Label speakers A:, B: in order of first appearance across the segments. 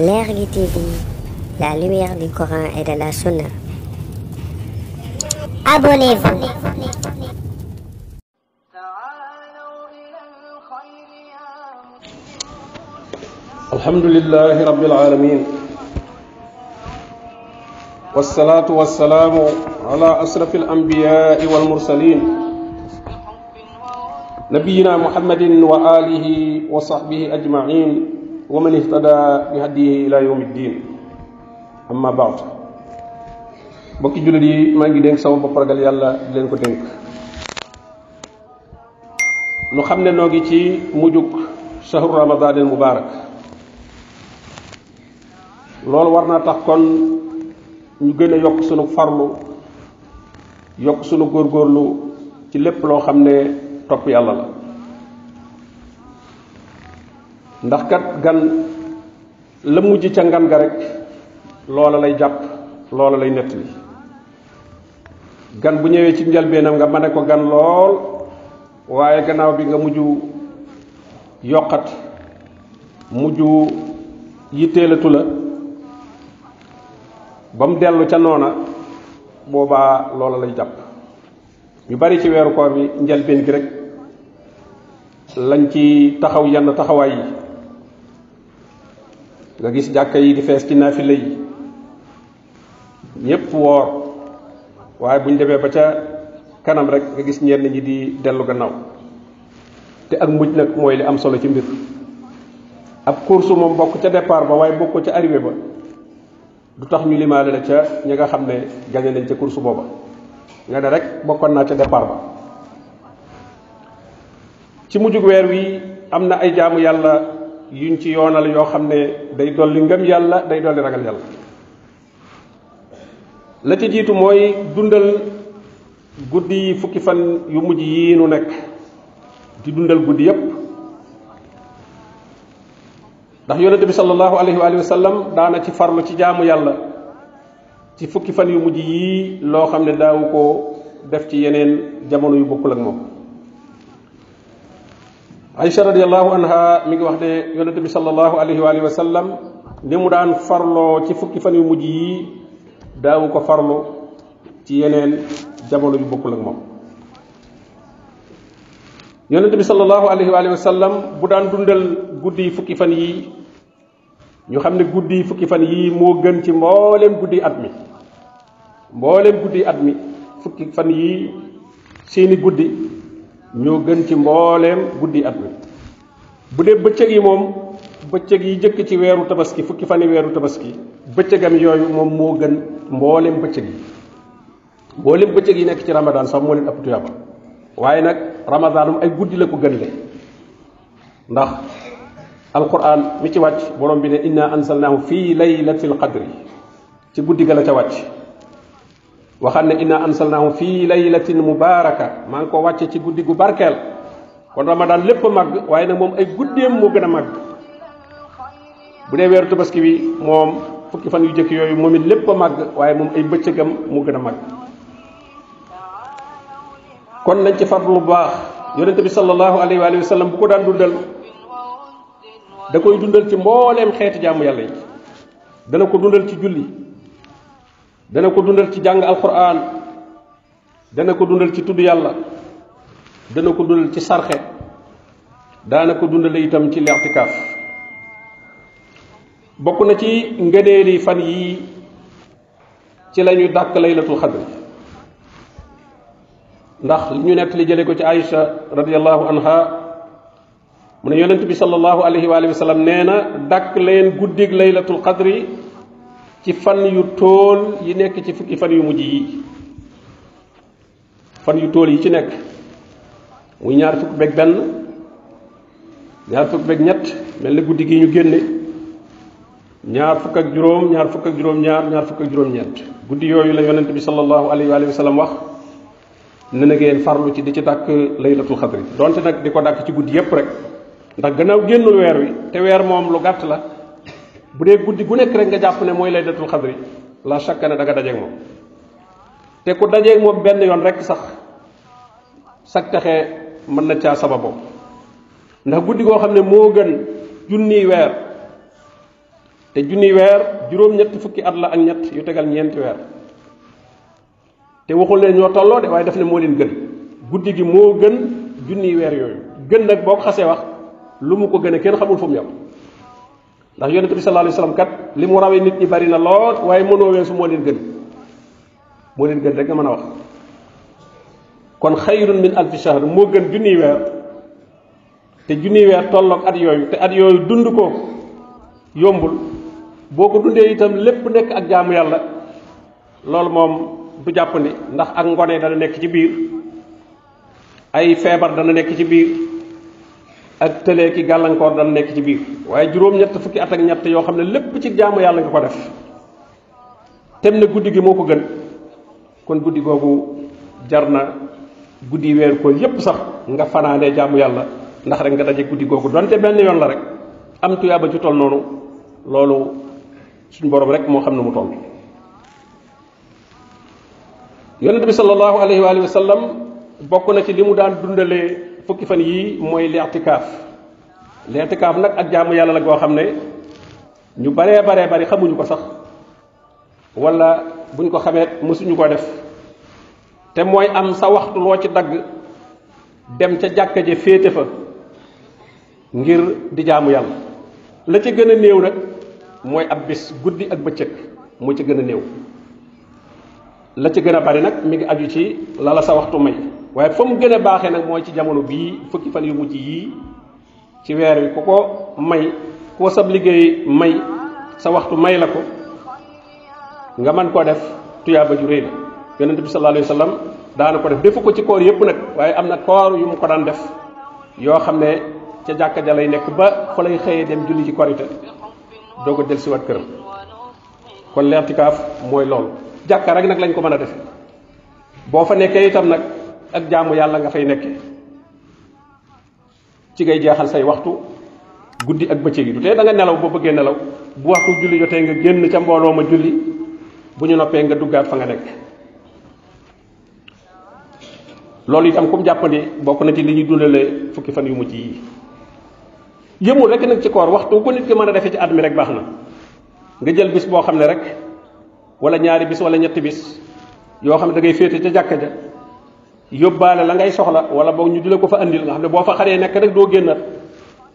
A: L'Airly TV, la lumière du Coran et de la Sunna. Abonnez-vous. الحمد لله رب العالمين والصلاة والسلام على أشرف الأنبياء والمرسلين نبينا محمد وآله وصحبه أجمعين ومن اهتدى بهديه الى يوم الدين اما بعد بokki julit yi ma ngi denk sama bop ragal yalla di len ko denk nu xamne nogi ci mujuk shahru ramadan al mubarak lol warna tax kon yok sunuk farlu yok sunuk gor gorlu ci lepp lo xamne top ndax kat gan la mujj ca ngan ga rek loola lay jàpp loola lay nettali gan bu ñëwee ci njalbeenam nga mane ko gan lol waaye gannaaw bi nga mujj yokkat mujj yitteelatu la ba mu dellu ca noona boobaa loola lay jàpp ñu bari ci weeru koor bi njalbeen gi rek lañ ci taxaw yenn taxawaay nga gis jàkka yi di fees ci naafila yi ñépp woor waaye buñ demee ba ca kanam rek nga gis ñenn ñi di dellu gannaaw te ak mujj nag mooy li am solo ci mbir ab course moom bokk ca départ ba waaye bokk ca arrivé ba du tax ñu limaale la ca ñi nga xam ne nañ ca course booba nga ne rek bokkoon naa ca départ ba ci mujjug weer wi am ay jaamu yàlla yuñ ci yoonal yoo xam ne day dolli ngëm yàlla day dolli ragal yàlla la ci jiitu mooy dundal guddi yi fukki fan yu mujj yii nu nekk di dundal guddi yépp ndax yonente bi sallallahu alayhi wa sallam daana ci farlu ci jaamu yàlla ci fukki fan yu mujj yii loo xam ne daawu ko def ci yeneen jamono yu bokkul ak moom Aïcha radiallahu anha mi ngi wax ne yonente bi sallallahu alayhi wa alihi wa sallam ni mu daan farloo ci fukki fan yu mujj yi daawu ko farlu ci yeneen jamono yu bokkul ak moom yonente bi sallallahu alayhi wa alihi sallam bu daan dundal guddi fukki fan yi ñu xam ne guddi fukki fan yii moo gën ci mbooleem guddi at mi mbooleem guddi at mi fukki fan yii seeni guddi ñoo gën ci mbooleem guddi at mi bu dee bëccëg yi moom bëccëg yi jëkk ci weeru tabaski fukki fani weeru tabaski bëccëgam yooyu moom moo gën mbooleem bëccëg yi mbooleem bëccëg yi nekk ci ramadaan sax moo leen ëpp tuyaaba waaye nag ramadanum ay guddi la ko gën le ndax alquran mi ci wàcc borom bi ne inna ansalnaahu fii laylatil qadri ci guddi ga la ca wàcc waxal ne inna ansalnahu fi laylatin mubaraka maa ko wacce ci guddi gu barkel kon ramadan lepp mag waye nak mom ay guddem mo gëna mag bu de weeru tabaski wi mom fukki fan yu jëk yoyu momit lepp mag waye mom ay bëccëgam mo gëna mag kon lañ ci farlu bu baax yaronte bi sallallahu alayhi wa sallam bu ko daan dundal da koy dundal ci mbollem xéetu jaamu yalla yi dana ko dundal ci julli dana ko dundal ci jàng alquran dana ko dundal ci tudd yàlla dana ko dundal ci sarxe daana ko dundale itam ci lixtikaaf bokk na ci ngëneeli fan yii ci la ñu dàkk laylatul xadr ndax ñu nekk li jële ko ci aïcha radiallahu anha mu ne yonent bi sallallahu alayhi wa sallam nee na dàkk leen guddig laylatul xadri ci fan yu tol yi nek ci fukki fan yu mujj Nyar fan yu tol yi ci nek muy ñaar fukk beeg ben ñaar fukk beeg ñet mel na guddi gi ñu genné ñaar fukk ak juroom ñaar fukk ak juroom ñaar ñaar fukk ak juroom ñet guddi yoyu la yonent bi sallallahu alayhi wa sallam wax na na ngeen farlu ci di ci tak laylatul qadr. donte nak diko dak ci guddi yep rek ndax gënaaw gennul wër wi te wër mom lu gatt la bu dee guddi gu nekk rek nga jàpp ne mooy lay xadri la chaque année da nga dajeeg moom te ku dajeeg moo benn yoon rek sax sag taxee mën na caa sababoo ndax guddi goo xam ne moo gën junni weer te junni weer juróom-ñetti fukki at la ak ñett yu tegal ñeenti weer te waxul leen ñoo tolloo de waaye daf ne moo leen gën guddi gi moo gën junni weer yooyu gën nag boo xasee wax lu mu ko gën a kenn xamul fu mu ndax yonente bi sallallahu alayhi wasallam kat limu mu nit ñi bari na lool waye mëno wésu mo leen gën mo leen gën rek nga mëna wax kon khayrun min alf shahr mo gën junniy wër té junniy wër tollok at yoyu té at yoyu dund ko yombul boko dundé itam lepp nek ak jaamu yalla lool mom du ni ndax ak ngone dana nek ci biir ay feebar dana nek ci biir ak télé ki galankor daan nek ci biir waye juroom ñett fukki at ak ñett yo xamne lepp ci jaamu yalla nga ko def tem na guddi gi gën kon guddi gogu jarna na guddi weer ko yépp sax nga fanaanee jaamu yalla ndax rek nga dajé guddi gogu donte benn yoon la rek am tuyaba ci tol nonu lolu suñ borom rek mo xam mu toll yonente bi sallallahu alaihi wa sallam bokku na ci limu daan dundalé fukki fan yi moy l'i'tikaf l'i'tikaf nak ak jaamu yalla la go xamne ñu bare bare bari xamuñu ko sax wala buñ ko xamé mësuñu ko def té moy am sa waxtu lo ci dag dem ca jakka ji fété fa ngir di jaamu yalla la ci gëna neew nak moy ab bis guddi ak bëccëg mo ci gëna neew la ci gëna bari nak mi ngi aju ci la la sa waxtu may waaye fa mu gën a baaxee nag mooy ci jamono bii fukki fan yu mujj yii ci weer wi ku ko may ku ko sab liggéey may sa waxtu may la ko nga mën koo def tuyaaba ju rëy la yonent bi sallallahu alayhi wa ko def defu ko ci koor yëpp nag waaye am na koor yu mu ko daan def yoo xam ne ca jàkka ja lay nekk ba fa xëyee dem julli ci korite doo ko dellusiwaat këram kon l'intikaaf mooy loolu jàkka rek nag lañ ko mën a def boo fa nekkee itam nag ak jaamu yàlla nga fay nekke ci ngay jeexal say waxtu guddi ak bëccëg yi du tee da nga nelaw bo bëggee nelaw bu waxtu julli jotee nga génn ca mbooloo ma julli bu ñu noppee nga duggaat fa nga nekk loolu itam kum jàppandi bokk na ci li ñuy dundalee fukki fan yu mujj yi yëmu rek nag ci koor waxtu ko nit ki mën a defee ci admi rek baax na nga jël bis boo xam ne rek wala ñaari bis wala ñetti bis yoo xam da ngay féete ca jàkka ja yobale la ngay soxla wala bok ñu dila ko fa andil nga xamne bo fa xare nek rek do gennat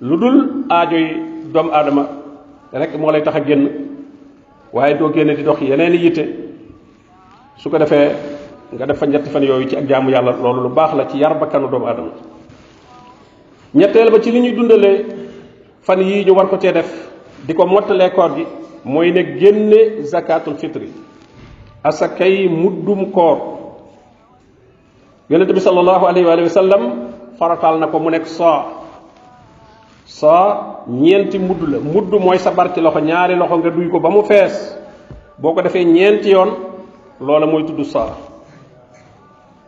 A: ludul dul dom adama rek mo lay taxa genn waye do genn di dox yeneen yitte su ko defé nga def fa ñett fan yoyu ci ak jaamu yalla loolu lu bax la ci yar bakkanu dom adama ñettel ba ci li ñuy dundale fan yi ñu war ko def di ko koor gi moy ne genné zakatul fitri asakay muddum koor yonent bi sallallahu alayhi wa sallam faratal na ko mu nek so so ñenti muddu la muddu moy sa barki loxo ñaari loxo nga duy ko ba mu Boko boo ko defee ñeenti yoon loola mooy tudd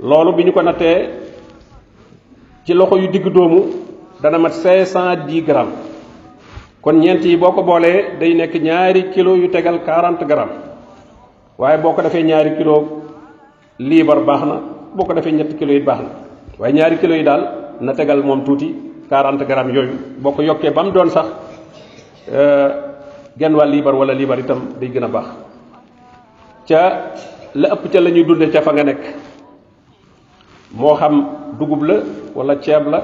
A: loolu biñu ko naté ci loxo yu digg doomu dana mat 510 grammes kon ñeent yi boo ko day nek ñaari kilo yu tégal 40 grammes waye boko defé ñaari kilo libar baxna boko defé ñett kilo yi baax way ñaari kilo yi dal, na tegal mom tuuti 40 gram yoyu boko ko bam doon sax euh, genn wàll libar wala libar itam day gëna a baax ca la ëpp ca lañuy dundé ca fa nga nek mo xam dugub la wala ceeb la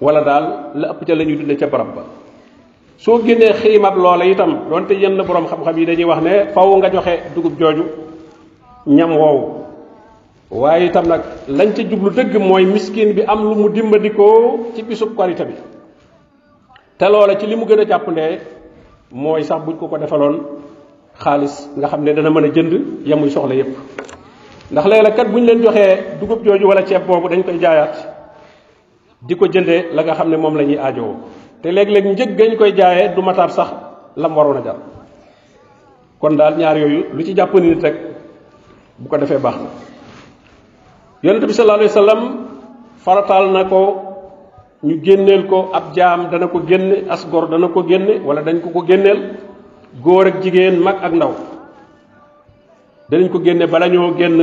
A: wala dal la ëpp ca lañuy dundé ca barab ba so gëné xiimab loola itam donte yenn borom xam-xam yi dañuy wax né faaw nga joxé dugub joju ñam woowu waaye itam nag lañ ca jublu dëgg mooy miskin bi am lu mu dimbandikoo ci bisub korite bi te loola ci li mu gën a jàppandee mooy sax buñ ko ko defaloon xaalis nga xam ne dana mën a jënd yamuy soxla yépp ndax léeg kat buñ leen joxee dugub jooju wala ceeb boobu dañ koy jaayaat di ko jëndee la nga xam ne moom la ñuy aajowoo te léeg-léeg njëg gañ koy jaayee du mataab sax lam waroon a jar kon daal ñaar yooyu lu ci jàpp nit rek bu ko defee baax yonente bi sallallahu alayhi wasallam faratal na ko ñu génneel ko ab jaam dana ko génne as gor dana ko génne wala dañ ko ko génneel góor ak jigéen mag ak ndaw danañ ko génne bala ñoo génn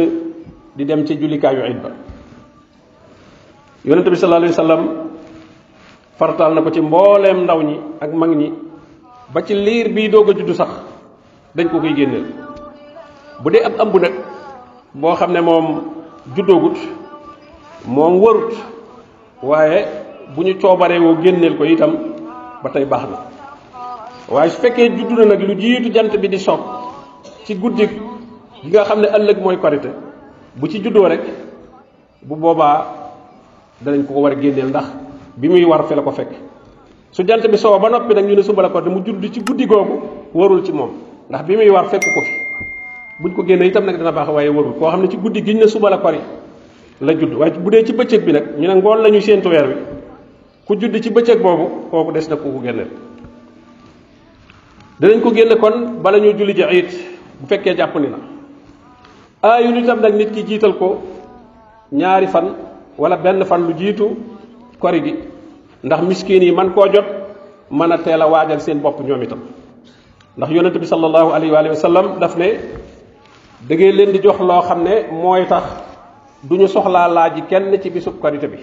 A: di dem ci jullikaayu yu ba yonente bi sallallahu alayhi wasallam faratal na ko ci mbooleem ndaw ñi ak mag ñi ba ci liir bii doog a juddu sax dañ ko koy génneel bu dee ab ëmb nag boo xam ne Judo moom warut waaye bu ñu coobaree woo génneel ko itam ba tey baax na waaye su fekkee juddu na nag lu jiitu jant bi di soog ci guddi gi nga xam ne ëllëg mooy korite bu ci juddoo rek bu boobaa danañ ko ko war a génneel ndax bi muy war fi la ko fekk su jant bi soo ba noppi nag ñu ne la korite mu judd ci guddi googu warul ci moom ndax bi muy war fekk ko fi buñ ko génne itam nag dana baax waaye warul koo xam ne ci guddi giñ na suba la kori la judd waaye bu dee ci bëccëg bi nag ñu ne ngoon lañu séentu weer wi ku judd ci bëccëg boobu kooku des na ku ko génneel danañ ko génne kon bala ñu julli ji ayit bu fekkee jàpp ni la aayu itam nag nit ki jiital ko ñaari fan wala benn fan lu jiitu kori gi ndax miskin yi man koo jot mën a teel a waajal seen bopp ñoom itam ndax yonente bi sallallahu alayhi wa sallam daf ne dagay leen di jox loo xam ne mooy tax duñu ñu soxlaa laaj kenn ci bisub karité bi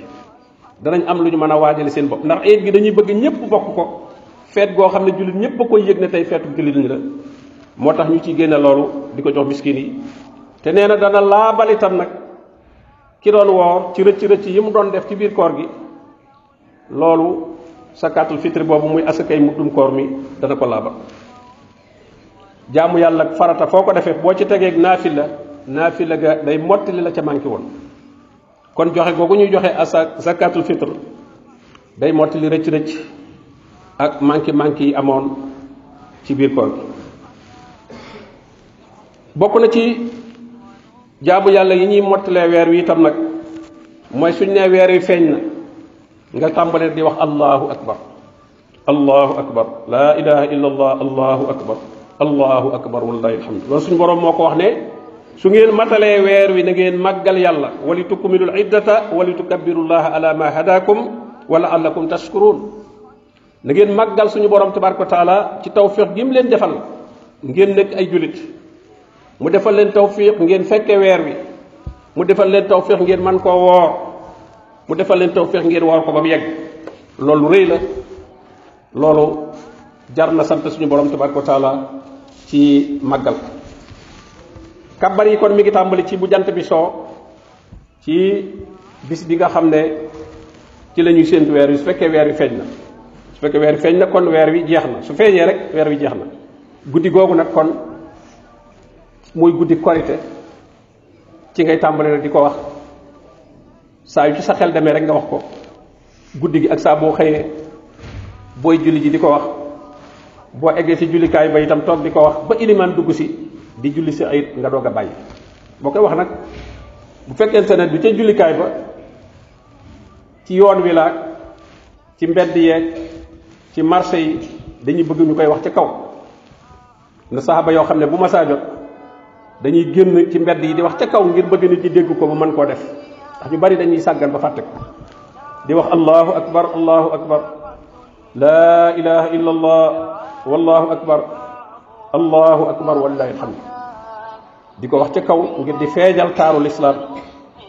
A: danañ am lu ñu mën a waajale seen bopp ndax eet gi dañuy bëgg ñëpp bokk ko feet goo xam ne jullit ñëpp ne tey feetu julit ñi la moo ñu ci génne loolu di jox miskin yi te na dana laabal itam nak ki doon woor ci rëcc rëcc yi mu doon def ci biir koor gi loolu sakatul fitri boobu muy asakay dum koor mi dana ko laabal jaamu yàlla farata foo ko defee boo ci tegeeg naafila naafila ga day mottali la ca manqué woon kon joxe googu ñuy joxe asa zakatul fitre day li rëcc rëcc ak manqué manqué yi amoon ci biir koor gi bokk na ci jaamu yàlla yi ñuy mottalee weer wi itam nag mooy suñ ne weer wi feeñ na nga tàmbalee di wax allahu akbar allahu akbar laa ilaha illa allah allahu akbar allahu akbar walilahi alhamdu loolu suñu borom moo ko wax ne su ngeen matalee weer wi na ngeen màggal yàlla wali tukmilul iddata wali tukabbirullaha ala ma hadakum wa laallakum tashkurun na ngeen màggal suñu borom tabaraka wa taala ci tawfiq gi mu leen defal ngeen nekk ay julit mu defal leen tawfiq ngeen fekke weer wi mu defal leen tawfiq ngeen man koo woor mu defal leen tawfiq ngeen woor ko ba mu yegg loolu rëy la loolu jar na sant suñu borom tabaraka taala ci magal kabbar yi kon mi ngi tambali ci bu jant bi so ci bis bi nga xamne ci lañu ñuy séntu weer su na su fekke na kon weer wi jeex na su feeñee rek weer wi jeex na guddi nak kon muy guddi korite ci ngay tambali rek diko wax sa yu ci sa xel demee rek nga wax ko guddi gi ak sa bo xëyee boy julli ji diko wax bo eggee si jullikaay ba itam toog di wax ba iliman dugg si di julli si ayit nga doga a bu boo wax nak bu fekkente ne du ca jullikaay ba ci yoon wi la ci mbedd ye ci marché yi dañuy bëgg ñu wax ci kaw na sahaba yo bu ma jot dañuy genn ci mbedd yi di wax ci kaw ngir bëgg ni ci dégg ko ba man ko def ndax ñu bari dañuy sàggan ba fàtte di wax allahu akbar allahu akbar la ilaha illallah والله akbar allahu akbar والله الحمد di wax ca kaw ngir di feejal taaru lislaam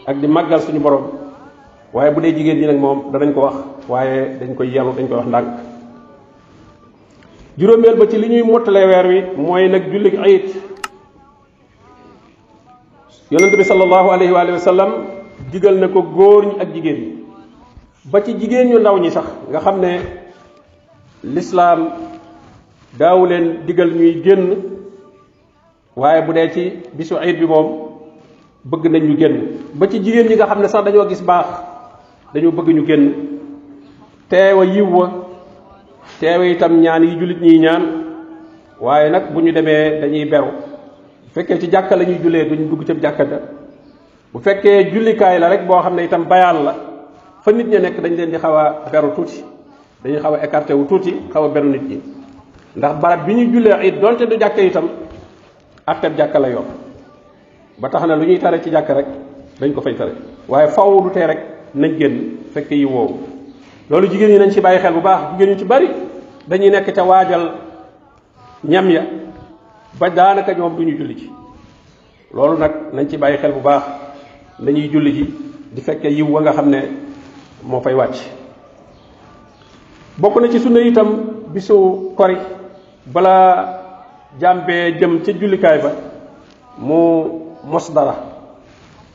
A: ak di màggal suñu borom waaye bu jigéen ñi nag moom danañ ko wax waaye dañ koy yelu dañ koy wax ndànk juróomeel ba ci li ñuy mottalee weer wi mooy nag jullik ayit yonente bi salallahu alayhi wa sallam digal ñi ba ci jigéen ñu ndaw ñi sax nga l'islam daaw leen digal ñuy génn waaye bu dee ci bisu ayit bi moom bëgg nañ ñu génn ba ci jigéen ñi nga xam ne sax dañoo gis baax dañoo bëgg ñu génn teewa yiw wa teewa itam ñaan yi julit ñi ñaan waaye nag bu ñu demee dañuy beru bu fekkee ci jàkka la ñuy julee duñ dugg ci jàkka da bu fekkee jullikaay la rek boo xam ne itam bayaan la fa nit ña nekk dañ leen di xaw a beru tuuti dañuy xaw a écarté wu tuuti xaw a beru nit ñi ndax barab bi ñu jullee it donte du jakka itam atteb jakka la yor ba tax na lu ñuy tare ci jakka rek dañ ko fay tare waaye faw du tee rek nañ génn fekk yi woowu loolu jigéen ñi nañ ci bàyyi xel bu baax jigéen ñu ci bari dañuy nekk ca waajal ñam ya ba daanaka ñoom duñu julli ci loolu nag nañ ci bàyyi xel bu baax dañuy julli ci di fekkee yiw wa nga xam ne moo fay wàcc bokk na ci sunna itam bisu kori balaa jàmbee jëm ca jullikaay ba mu mos dara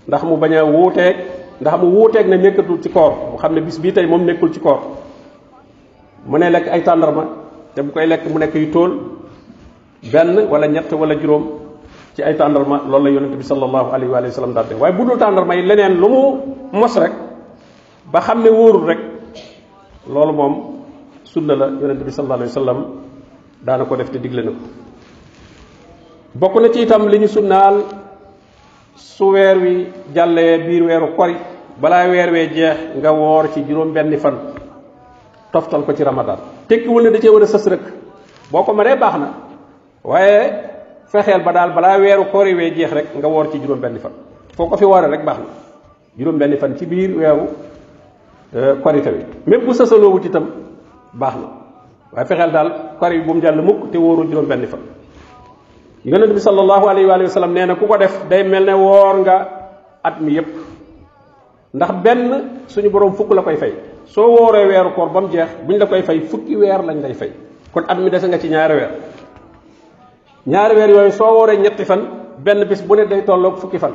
A: ndax mu bañ a wuuteeg ndax mu wuuteeg ne nekkatul ci koor mu xam ne bis bii tey moom nekkul ci koor mu ne lekk ay tàndarma te bu koy lekk mu nekk yu tóol benn wala ñett wala juróom ci ay tàndarma loolu la yonent bi sallallahu alayhi waaye bu dul tàndarma yi leneen lu mu mos rek ba xam ne wóorul rek loolu moom sunna la yonent bi sallallahu alayhi wa daana ko def te digle na ko bokk na ci itam li ñu sunnaal su weer wi jàllee biir weeru kori balaa weer wee jeex nga woor ci juróom benni fan toftal ko ci ramadaan tekkiwul ne da cee war a sës rek boo ko mënee baax na waaye fexeel ba daal balaa weeru kori wee jeex rek nga woor ci juróom benni fan foo ko fi wooree rek baax na juróom benni fan ci biir weeru eh, korite wi même bu sësaloo wut itam baax na waaye fexeel daal kor bu mu jàll mukk te wóoru juróom benn fan yonent bi sallallahu alayhi wa sallam nee na ku ko def day mel ne woor nga at mi yépp ndax benn suñu borom fukk la koy fay soo wooree weeru koor ba mu jeex buñ la koy fay fukki weer lañ lay fay kon at mi dese nga ci ñaari weer ñaari weer yooyu soo wooree ñetti fan benn bis bu ne day tolloog fukki fan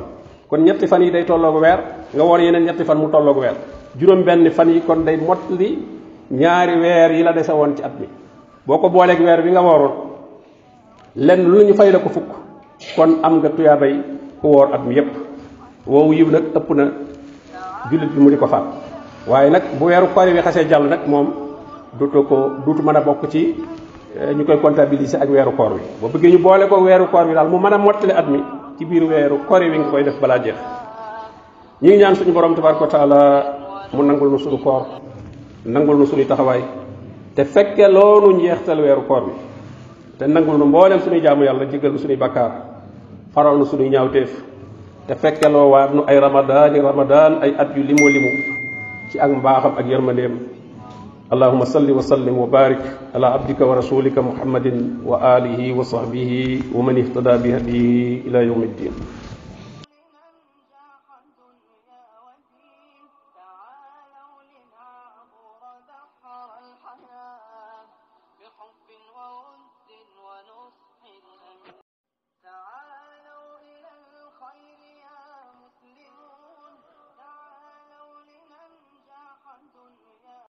A: kon ñetti fan yi day tolloog weer nga woor yeneen ñetti fan mu tolloog weer juróom benn fan yi kon day motli ñaari weer yi la dese woon ci at bi boo ko booleeg weer bi nga wooroon lu fay la ko fukk kon am nga tuyaabay ku woor at mi yépp woowu yiw nag ëpp na jullit bi mu di ko faat waaye nag bu weeru koor bi xasee jàll nag moom dutu ko dutu mën a bokk ci eh, ñu koy comptabiliser ak weeru koor wi boo bëggee ñu boole ko weeru koor wi daal mu mën a mottali at mi ci biir weeru koor wi nga koy def balaa jeex ñi ñaan suñu borom tabaraka taala mu nangul nu suñu koor nangul nu suñu taxaway te fekke loolu njeextal wéru koor bi te nangul nu mbolam suñu jaamu yàlla jigeel suñu bakkar faral nu suñu ñaawteef te lo waar nu ay ramadan ramadan ay at yu limu limu ci ak mbaxam ak yërmandeem اللهم صل وسلم وبارك على عبدك ورسولك محمد وآله وصحبه ومن اهتدى بهديه إلى يوم الدين